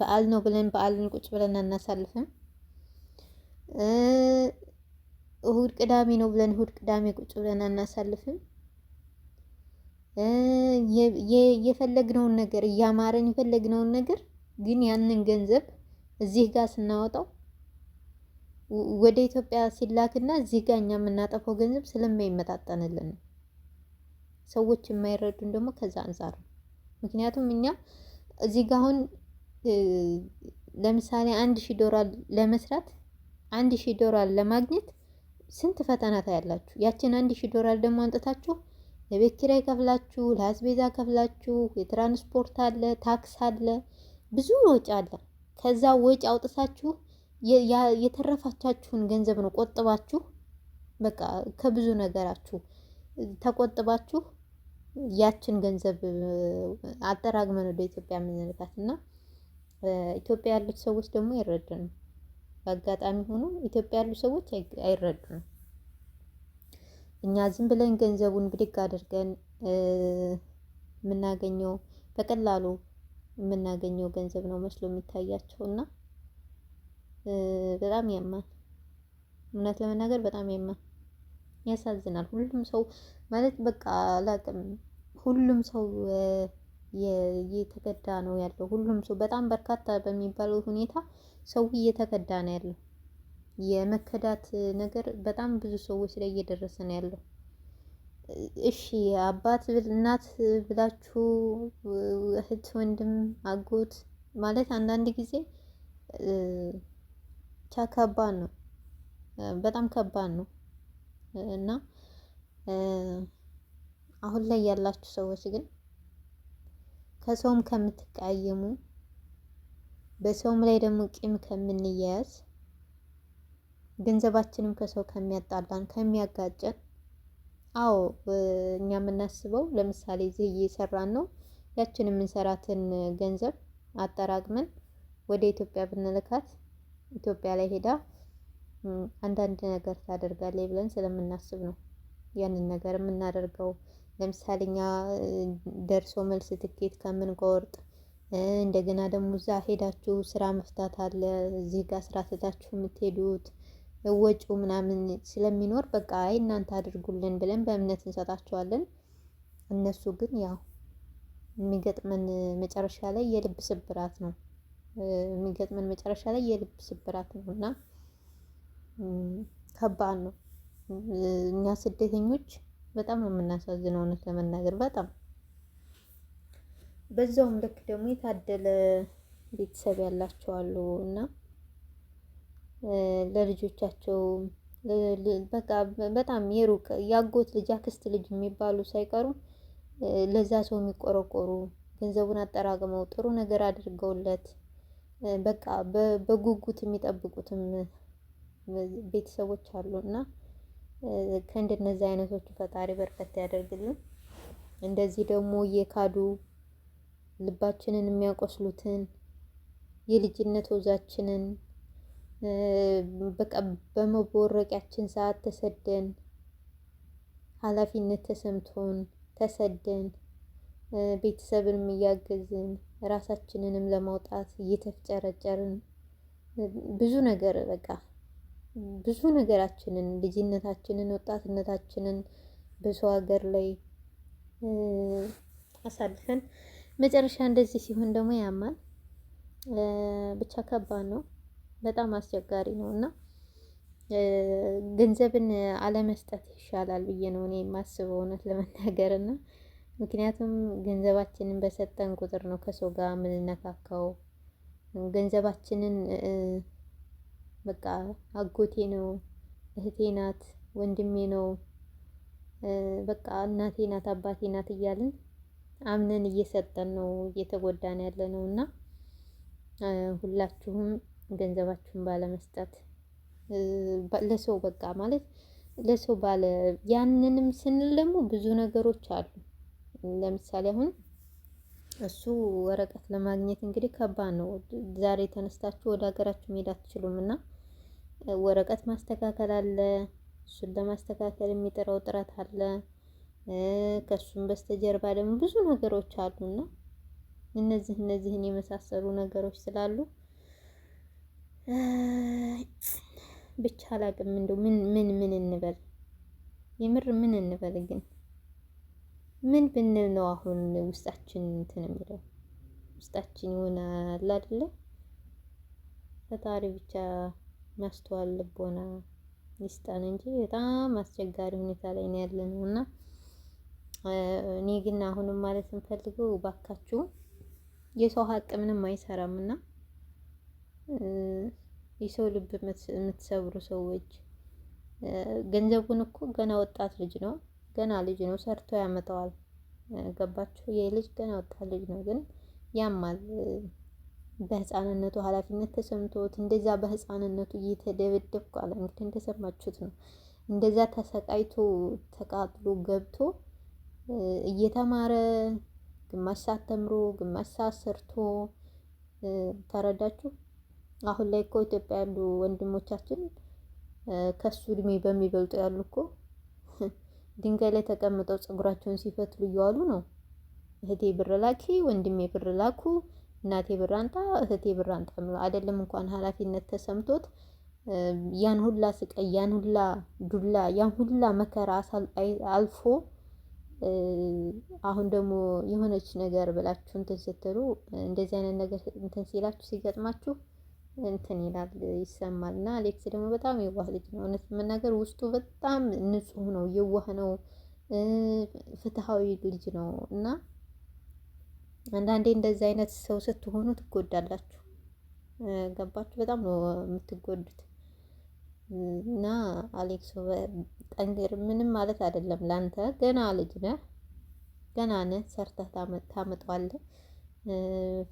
በዓል ነው ብለን በዓልን ቁጭ ብለን አናሳልፍም። እሁድ ቅዳሜ ነው ብለን እሁድ ቅዳሜ ቁጭ ብለን አናሳልፍም። የፈለግነውን ነገር እያማረን የፈለግነውን ነገር ግን ያንን ገንዘብ እዚህ ጋር ስናወጣው ወደ ኢትዮጵያ ሲላክና እዚህ ጋር እኛ የምናጠፈው ገንዘብ ስለማይመጣጠንልን ነው። ሰዎች የማይረዱን ደግሞ ከዛ አንጻር ነው። ምክንያቱም እኛ እዚህ ጋር አሁን ለምሳሌ አንድ ሺህ ዶላር ለመስራት አንድ ሺህ ዶላር ለማግኘት ስንት ፈተና ታያላችሁ። ያችን አንድ ሺህ ዶላር ደግሞ አንጥታችሁ ለቤት ኪራይ ከፍላችሁ፣ ለአስቤዛ ከፍላችሁ፣ የትራንስፖርት አለ፣ ታክስ አለ፣ ብዙ ወጪ አለ። ከዛ ወጪ አውጥታችሁ የተረፋቻችሁን ገንዘብ ነው ቆጥባችሁ፣ በቃ ከብዙ ነገራችሁ ተቆጥባችሁ ያችን ገንዘብ አጠራቅመን ወደ ኢትዮጵያ የምንልካት እና ኢትዮጵያ ያሉት ሰዎች ደግሞ አይረዱንም። በአጋጣሚ ሆኖ ኢትዮጵያ ያሉ ሰዎች አይረዱንም። እኛ ዝም ብለን ገንዘቡን ብድግ አድርገን የምናገኘው በቀላሉ የምናገኘው ገንዘብ ነው መስሎ የሚታያቸው እና በጣም ያማል። እውነት ለመናገር በጣም ያማል፣ ያሳዝናል። ሁሉም ሰው ማለት በቃ አላቅም ሁሉም ሰው እየተከዳ ነው ያለው። ሁሉም ሰው በጣም በርካታ በሚባለው ሁኔታ ሰው እየተከዳ ነው ያለው። የመከዳት ነገር በጣም ብዙ ሰዎች ላይ እየደረሰ ነው ያለው። እሺ አባት እናት ብላችሁ እህት፣ ወንድም፣ አጎት ማለት አንዳንድ ጊዜ ቻ ከባድ ነው፣ በጣም ከባድ ነው እና አሁን ላይ ያላችሁ ሰዎች ግን ከሰውም ከምትቀያየሙ በሰውም ላይ ደግሞ ቂም ከምንያያዝ ገንዘባችንም ከሰው ከሚያጣላን ከሚያጋጨን አዎ እኛ የምናስበው ለምሳሌ እዚህ እየሰራን ነው ያችን የምንሰራትን ገንዘብ አጠራቅመን ወደ ኢትዮጵያ ብንልካት ኢትዮጵያ ላይ ሄዳ አንዳንድ ነገር ታደርጋለች ብለን ስለምናስብ ነው ያንን ነገር የምናደርገው። ለምሳሌ እኛ ደርሶ መልስ ትኬት ከምንቆርጥ እንደገና ደግሞ እዛ ሄዳችሁ ስራ መፍታት አለ፣ እዚህ ጋር ስራ ትታችሁ የምትሄዱት ወጪው ምናምን ስለሚኖር በቃ አይ እናንተ አድርጉልን ብለን በእምነት እንሰጣቸዋለን። እነሱ ግን ያው የሚገጥመን መጨረሻ ላይ የልብ ስብራት ነው። የሚገጥመን መጨረሻ ላይ የልብ ስብራት ነው እና ከባድ ነው እኛ ስደተኞች በጣም ነው የምናሳዝነው እውነት ለመናገር በጣም በዛውም ልክ ደግሞ የታደለ ቤተሰብ ያላቸው አሉ እና ለልጆቻቸው በቃ በጣም የሩቅ ያጎት ልጅ አክስት ልጅ የሚባሉ ሳይቀሩ ለዛ ሰው የሚቆረቆሩ ገንዘቡን አጠራቅመው ጥሩ ነገር አድርገውለት በቃ በጉጉት የሚጠብቁትም ቤተሰቦች አሉ እና ከእንደነዚህ አይነቶቹ ፈጣሪ በርከት ያደርግልን። እንደዚህ ደግሞ የካዱ ልባችንን የሚያቆስሉትን የልጅነት ወዛችንን በቃ በመቦረቂያችን ሰዓት ተሰደን ኃላፊነት ተሰምቶን ተሰደን ቤተሰብንም እያገዝን ራሳችንንም ለማውጣት እየተፍጨረጨርን ብዙ ነገር በቃ ብዙ ነገራችንን ልጅነታችንን፣ ወጣትነታችንን ብዙ ሀገር ላይ አሳልፈን መጨረሻ እንደዚህ ሲሆን ደግሞ ያማል። ብቻ ከባድ ነው፣ በጣም አስቸጋሪ ነው እና ገንዘብን አለመስጠት ይሻላል ብዬ ነው እኔ የማስበው እውነት ለመናገር እና ምክንያቱም ገንዘባችንን በሰጠን ቁጥር ነው ከሰው ጋር የምንነካካው ገንዘባችንን በቃ አጎቴ ነው፣ እህቴ ናት፣ ወንድሜ ነው፣ በቃ እናቴ ናት፣ አባቴ ናት እያልን አምነን እየሰጠን ነው እየተጎዳን ያለ ነው እና ሁላችሁም ገንዘባችሁን ባለመስጠት ለሰው በቃ ማለት ለሰው ባለ ያንንም ስንል ደግሞ ብዙ ነገሮች አሉ። ለምሳሌ አሁን እሱ ወረቀት ለማግኘት እንግዲህ ከባድ ነው። ዛሬ ተነስታችሁ ወደ ሀገራችሁ መሄድ አትችሉም እና ወረቀት ማስተካከል አለ። እሱን ለማስተካከል የሚጥረው ጥረት አለ። ከሱም በስተጀርባ ደግሞ ብዙ ነገሮች አሉና እነዚህ እነዚህን የመሳሰሉ ነገሮች ስላሉ ብቻ አላቅም። እንደው ምን ምን ምን እንበል የምር ምን እንበል ግን ምን ብንል ነው አሁን ውስጣችን እንትን የሚለው ውስጣችን ይሆናል አይደለ? ፈጣሪ ብቻ ማስተዋል ልቦና ይስጠን እንጂ በጣም አስቸጋሪ ሁኔታ ላይ ነው ያለ ነው እና እኔ ግን አሁንም ማለት እንፈልገው ባካችሁ የሰው ሀቅ ምንም አይሰራም እና የሰው ልብ የምትሰብሩ ሰዎች ገንዘቡን እኮ ገና ወጣት ልጅ ነው፣ ገና ልጅ ነው፣ ሰርቶ ያመጣዋል። ገባችሁ? ይህ ልጅ ገና ወጣት ልጅ ነው፣ ግን ያማል። በህፃንነቱ ኃላፊነት ተሰምቶት እንደዛ በህፃንነቱ እየተደበደብኩ አለ። እንግዲህ እንደሰማችሁት ነው። እንደዛ ተሰቃይቶ ተቃጥሎ ገብቶ እየተማረ ግማሽ ሰዓት ተምሮ ግማሽ ሰዓት ሰርቶ ተረዳችሁ። አሁን ላይ እኮ ኢትዮጵያ ያሉ ወንድሞቻችን ከሱ እድሜ በሚበልጡ ያሉ እኮ ድንጋይ ላይ ተቀምጠው ፀጉራቸውን ሲፈትሉ እየዋሉ ነው። እህቴ ብር ላኪ፣ ወንድሜ ብር ላኩ እናቴ ብራንጣ እህቴ ብራንጣ አንጣ ብሎ አይደለም እንኳን ኃላፊነት ተሰምቶት ያን ሁላ ስቀይ ያን ሁላ ዱላ፣ ያን ሁላ መከራ አልፎ አሁን ደግሞ የሆነች ነገር ብላችሁ እንትን ስትሉ እንደዚህ አይነት ነገር እንትን ሲላችሁ ሲገጥማችሁ እንትን ይላል ይሰማል። እና አሌክስ ደግሞ በጣም የዋህ ልጅ ነው። እውነት መናገር ውስጡ በጣም ንጹሕ ነው፣ የዋህ ነው፣ ፍትሐዊ ልጅ ነው እና አንዳንዴ እንደዚህ አይነት ሰው ስትሆኑ ትጎዳላችሁ። ገባችሁ? በጣም ነው የምትጎዱት። እና አሌክሶ ጠንግር ምንም ማለት አይደለም ላንተ፣ ገና ልጅ ነህ፣ ገና ነህ፣ ሰርተህ ታመጣዋለህ።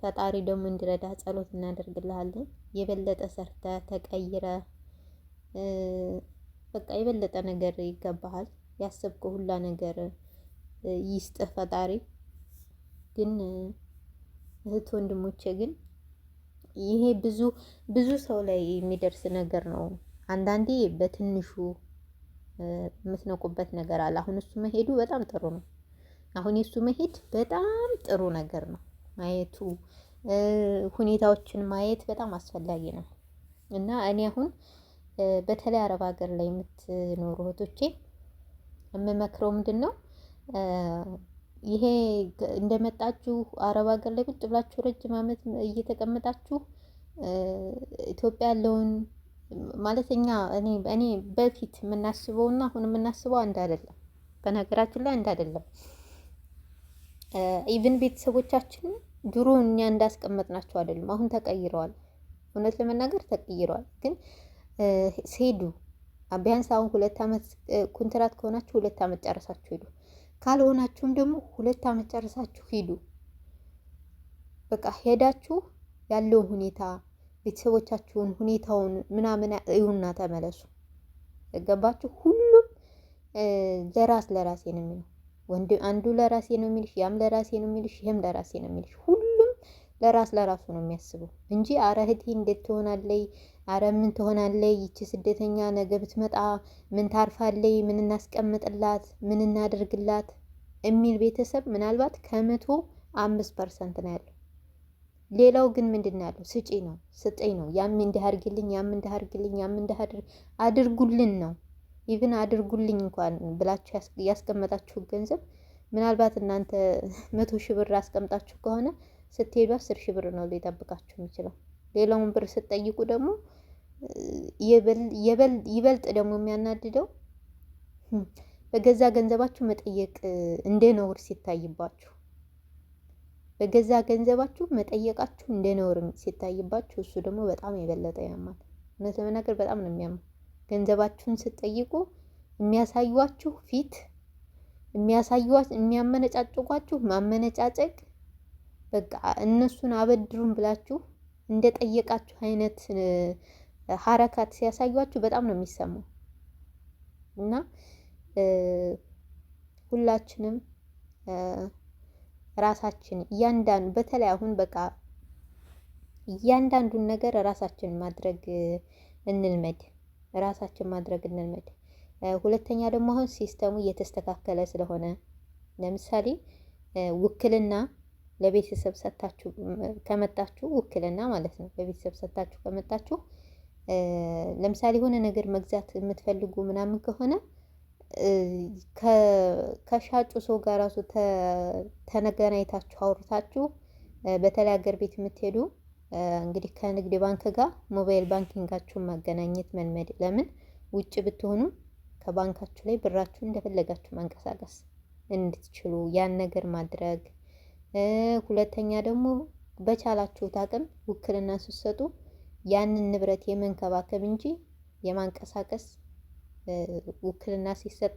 ፈጣሪ ደግሞ እንዲረዳ ጸሎት እናደርግልሃለን። የበለጠ ሰርተህ ተቀይረህ በቃ የበለጠ ነገር ይገባሃል። ያሰብከው ሁላ ነገር ይስጥህ ፈጣሪ። ግን እህት ወንድሞቼ ግን ይሄ ብዙ ብዙ ሰው ላይ የሚደርስ ነገር ነው። አንዳንዴ በትንሹ የምትነቁበት ነገር አለ። አሁን እሱ መሄዱ በጣም ጥሩ ነው። አሁን የእሱ መሄድ በጣም ጥሩ ነገር ነው። ማየቱ ሁኔታዎችን ማየት በጣም አስፈላጊ ነው እና እኔ አሁን በተለይ አረብ ሀገር ላይ የምትኖሩ እህቶቼ የምመክረው ምንድን ነው ይሄ እንደመጣችሁ አረብ ሀገር ላይ ቁጭ ብላችሁ ረጅም ዓመት እየተቀመጣችሁ ኢትዮጵያ ያለውን ማለት እኛ እኔ እኔ በፊት ና አሁን የምናስበው አንድ አይደለም። በነገራችን ላይ አንድ አይደለም። ኢቭን ቤተሰቦቻችን ድሮ እኛ እንዳስቀመጥናቸው አይደለም። አሁን ተቀይረዋል። እውነት ለመናገር ተቀይረዋል። ግን ሲሄዱ ቢያንስ አሁን ሁለት ዓመት ኮንትራት ከሆናችሁ ሁለት ዓመት ጨረሳችሁ ሄዱ ካልሆናችሁም ደግሞ ሁለት ዓመት ጨርሳችሁ ሂዱ። በቃ ሄዳችሁ ያለውን ሁኔታ ቤተሰቦቻችሁን ሁኔታውን ምናምን እዩና ተመለሱ። ገባችሁ? ሁሉም ለራስ ለራሴ ነው የሚለው ወንድ አንዱ ለራሴ ነው የሚልሽ፣ ያም ለራሴ ነው የሚልሽ፣ ይህም ለራሴ ነው የሚልሽ። ለራስ ለራሱ ነው የሚያስበው እንጂ አረ እህቴ እንዴት ትሆናለይ፣ አረ ምን ትሆናለይ፣ ይቺ ስደተኛ ነገ ብትመጣ ምን ታርፋለይ፣ ምን እናስቀምጥላት፣ ምን እናደርግላት የሚል ቤተሰብ ምናልባት ከመቶ አምስት ፐርሰንት ነው ያለው። ሌላው ግን ምንድን ነው ያለው? ስጪ ነው ስጠኝ ነው ያም እንዲህ ያም እንዲህ ያም እንዲህ አድርጉልን ነው። ኢቭን አድርጉልኝ እንኳን ብላችሁ ያስቀመጣችሁ ገንዘብ ምናልባት እናንተ መቶ ሺህ ብር አስቀምጣችሁ ከሆነ ስትሄዱ አስር ሺህ ብር ነው ሊጠብቃችሁ የሚችለው። ሌላውን ብር ስትጠይቁ ደግሞ ይበልጥ ደግሞ የሚያናድደው በገዛ ገንዘባችሁ መጠየቅ እንደ ነውር ሲታይባችሁ በገዛ ገንዘባችሁ መጠየቃችሁ እንደ ነውር ሲታይባችሁ፣ እሱ ደግሞ በጣም የበለጠ ያማል። እውነት ለመናገር በጣም ነው የሚያማው። ገንዘባችሁን ስትጠይቁ የሚያሳዩዋችሁ ፊት የሚያሳዩዋችሁ የሚያመነጫጭቋችሁ ማመነጫጨቅ በቃ እነሱን አበድሩን ብላችሁ እንደጠየቃችሁ አይነት ሀረካት ሲያሳዩችሁ በጣም ነው የሚሰማው። እና ሁላችንም ራሳችን እያንዳንዱ በተለይ አሁን በቃ እያንዳንዱን ነገር ራሳችን ማድረግ እንልመድ፣ ራሳችን ማድረግ እንልመድ። ሁለተኛ ደግሞ አሁን ሲስተሙ እየተስተካከለ ስለሆነ ለምሳሌ ውክልና ለቤተሰብ ሰታችሁ ከመጣችሁ ውክልና ማለት ነው። ለቤተሰብ ሰታችሁ ከመጣችሁ ለምሳሌ የሆነ ነገር መግዛት የምትፈልጉ ምናምን ከሆነ ከሻጩ ሰው ጋር ራሱ ተነገናኝታችሁ አውርታችሁ፣ በተለይ ሀገር ቤት የምትሄዱ እንግዲህ ከንግድ ባንክ ጋር ሞባይል ባንኪንጋችሁን ማገናኘት መልመድ። ለምን ውጭ ብትሆኑ ከባንካችሁ ላይ ብራችሁን እንደፈለጋችሁ ማንቀሳቀስ እንድትችሉ ያን ነገር ማድረግ ሁለተኛ ደግሞ በቻላችሁት አቅም ውክልና ስትሰጡ ያንን ንብረት የመንከባከብ እንጂ የማንቀሳቀስ ውክልና ሲሰጥ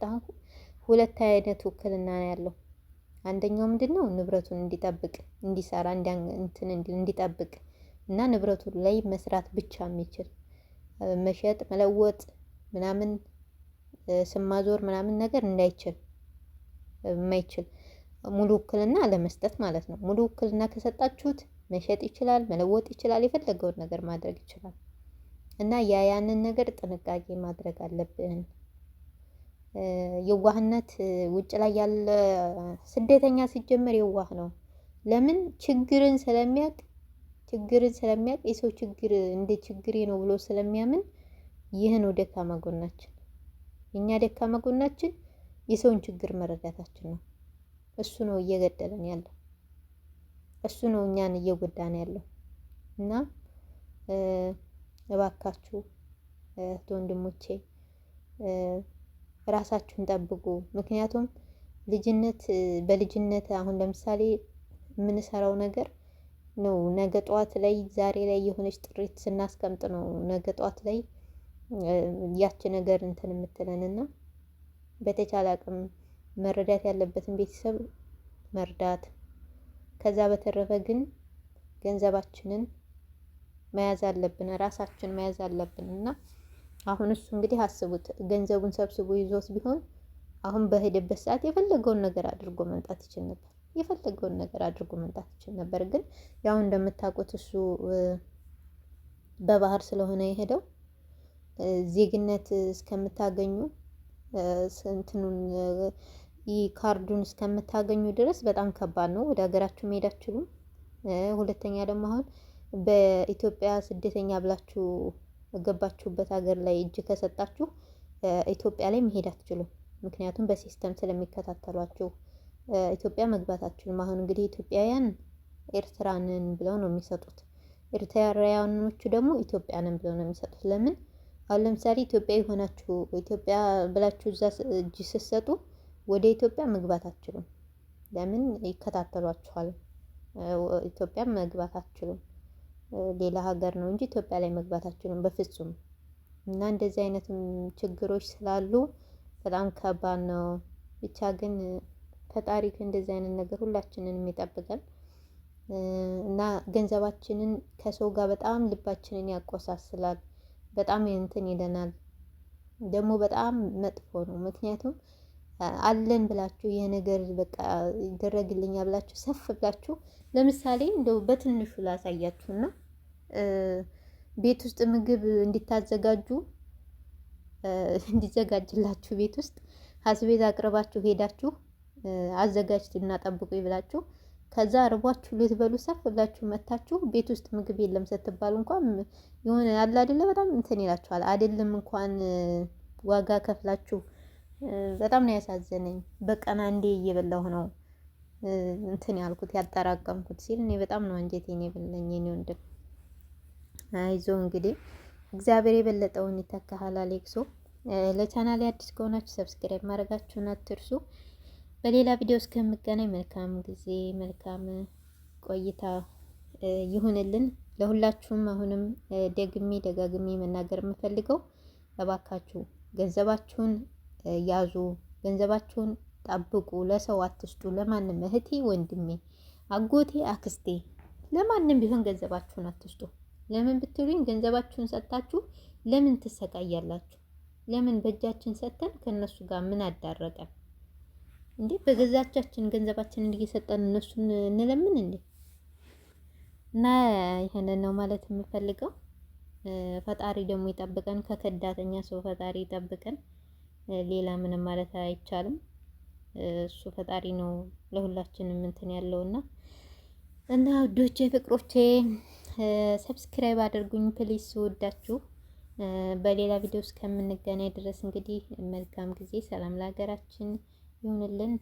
ሁለት አይነት ውክልና ነው ያለው። አንደኛው ምንድነው ንብረቱን እንዲጠብቅ እንዲሰራ እንትን እንዲጠብቅ እና ንብረቱ ላይ መስራት ብቻ የሚችል መሸጥ መለወጥ ምናምን ስማዞር ምናምን ነገር እንዳይችል የማይችል ሙሉ ውክልና ለመስጠት ማለት ነው። ሙሉ ውክልና ከሰጣችሁት መሸጥ ይችላል፣ መለወጥ ይችላል፣ የፈለገውን ነገር ማድረግ ይችላል። እና ያ ያንን ነገር ጥንቃቄ ማድረግ አለብን። የዋህነት ውጭ ላይ ያለ ስደተኛ ሲጀመር የዋህ ነው። ለምን ችግርን ስለሚያውቅ ችግርን ስለሚያውቅ የሰው ችግር እንደ ችግሬ ነው ብሎ ስለሚያምን ይህ ነው ደካማ ጎናችን። የእኛ ደካማ ጎናችን የሰውን ችግር መረዳታችን ነው። እሱ ነው እየገደለን ያለው። እሱ ነው እኛን እየጎዳን ያለው እና እባካችሁ እህት ወንድሞቼ ራሳችሁን ጠብቁ። ምክንያቱም ልጅነት በልጅነት አሁን ለምሳሌ የምንሰራው ነገር ነው ነገ ጠዋት ላይ ዛሬ ላይ የሆነች ጥሪት ስናስቀምጥ ነው ነገ ጠዋት ላይ ያቺ ነገር እንትን የምትለንና በተቻለ አቅም መረዳት ያለበትን ቤተሰብ መርዳት። ከዛ በተረፈ ግን ገንዘባችንን መያዝ አለብን፣ ራሳችን መያዝ አለብን እና አሁን እሱ እንግዲህ አስቡት፣ ገንዘቡን ሰብስቦ ይዞት ቢሆን አሁን በሄደበት ሰዓት የፈለገውን ነገር አድርጎ መምጣት ይችል ነበር። የፈለገውን ነገር አድርጎ መምጣት ይችል ነበር። ግን ያው እንደምታውቁት እሱ በባህር ስለሆነ የሄደው ዜግነት እስከምታገኙ ስንትኑን ካርዱን እስከምታገኙ ድረስ በጣም ከባድ ነው። ወደ ሀገራችሁ መሄድ አትችሉም። ሁለተኛ ደግሞ አሁን በኢትዮጵያ ስደተኛ ብላችሁ ገባችሁበት ሀገር ላይ እጅ ከሰጣችሁ ኢትዮጵያ ላይ መሄድ አትችሉም። ምክንያቱም በሲስተም ስለሚከታተሏችሁ ኢትዮጵያ መግባት አትችሉም። አሁን እንግዲህ ኢትዮጵያውያን ኤርትራንን ብለው ነው የሚሰጡት። ኤርትራውያኖቹ ደግሞ ኢትዮጵያንን ብለው ነው የሚሰጡት። ለምን አሁን ለምሳሌ ኢትዮጵያ የሆናችሁ ኢትዮጵያ ብላችሁ እዛ እጅ ስትሰጡ ወደ ኢትዮጵያ መግባት አትችሉም። ለምን ይከታተሏችኋል። ኢትዮጵያ መግባት አትችሉም። ሌላ ሀገር ነው እንጂ ኢትዮጵያ ላይ መግባት አትችሉም በፍጹም። እና እንደዚህ አይነት ችግሮች ስላሉ በጣም ከባድ ነው። ብቻ ግን ፈጣሪ እንደዚህ አይነት ነገር ሁላችንን የሚጠብቀን እና ገንዘባችንን ከሰው ጋር በጣም ልባችንን ያቆሳስላል። በጣም እንትን ይለናል። ደግሞ በጣም መጥፎ ነው። ምክንያቱም አለን ብላችሁ ይሄ ነገር በቃ ይደረግልኛ ብላችሁ ሰፍ ብላችሁ ለምሳሌ እንደው በትንሹ ላሳያችሁና ቤት ውስጥ ምግብ እንዲታዘጋጁ እንዲዘጋጅላችሁ ቤት ውስጥ አስቤዛ አቅርባችሁ ሄዳችሁ አዘጋጅ ጠብቁ ብላችሁ ከዛ ርቧችሁ ልትበሉ ሰፍ ብላችሁ መታችሁ ቤት ውስጥ ምግብ የለም ስትባሉ እንኳን የሆነ አለ አይደለ በጣም እንትን ይላችኋል። አይደለም እንኳን ዋጋ ከፍላችሁ በጣም ነው ያሳዘነኝ። በቀን አንዴ እየበላሁ ነው እንትን ያልኩት ያጠራቀምኩት ሲል እኔ በጣም ነው አንጀቴን የበላኝ። እኔ ወንድም አይዞ እንግዲህ እግዚአብሔር የበለጠውን ይተካሃል። አሌክሶ ለቻናል አዲስ ከሆናችሁ ሰብስክራይብ ማድረጋችሁን አትርሱ። በሌላ ቪዲዮ እስከምገናኝ መልካም ጊዜ መልካም ቆይታ ይሁንልን ለሁላችሁም። አሁንም ደግሜ ደጋግሜ መናገር የምፈልገው እባካችሁ ገንዘባችሁን ያዙ፣ ገንዘባችሁን ጠብቁ፣ ለሰው አትስጡ፣ ለማንም እህቴ፣ ወንድሜ፣ አጎቴ፣ አክስቴ፣ ለማንም ቢሆን ገንዘባችሁን አትስጡ። ለምን ብትሉኝ ገንዘባችሁን ሰጥታችሁ ለምን ትሰቃያላችሁ? ለምን በእጃችን ሰጥተን ከእነሱ ጋር ምን አዳረቀን እንዴ? በገዛቻችን ገንዘባችንን እየሰጠን እነሱን እንለምን እንዴ? እና ይሄንን ነው ማለት የምፈልገው። ፈጣሪ ደግሞ ይጠብቀን፣ ከከዳተኛ ሰው ፈጣሪ ይጠብቀን። ሌላ ምንም ማለት አይቻልም። እሱ ፈጣሪ ነው ለሁላችንም እንትን ያለውና እና ውዶቼ ፍቅሮቼ ሰብስክራይብ አድርጉኝ ፕሊስ። ስወዳችሁ በሌላ ቪዲዮ እስከምንገናኝ ድረስ እንግዲህ መልካም ጊዜ። ሰላም ለሀገራችን ይሁንልን።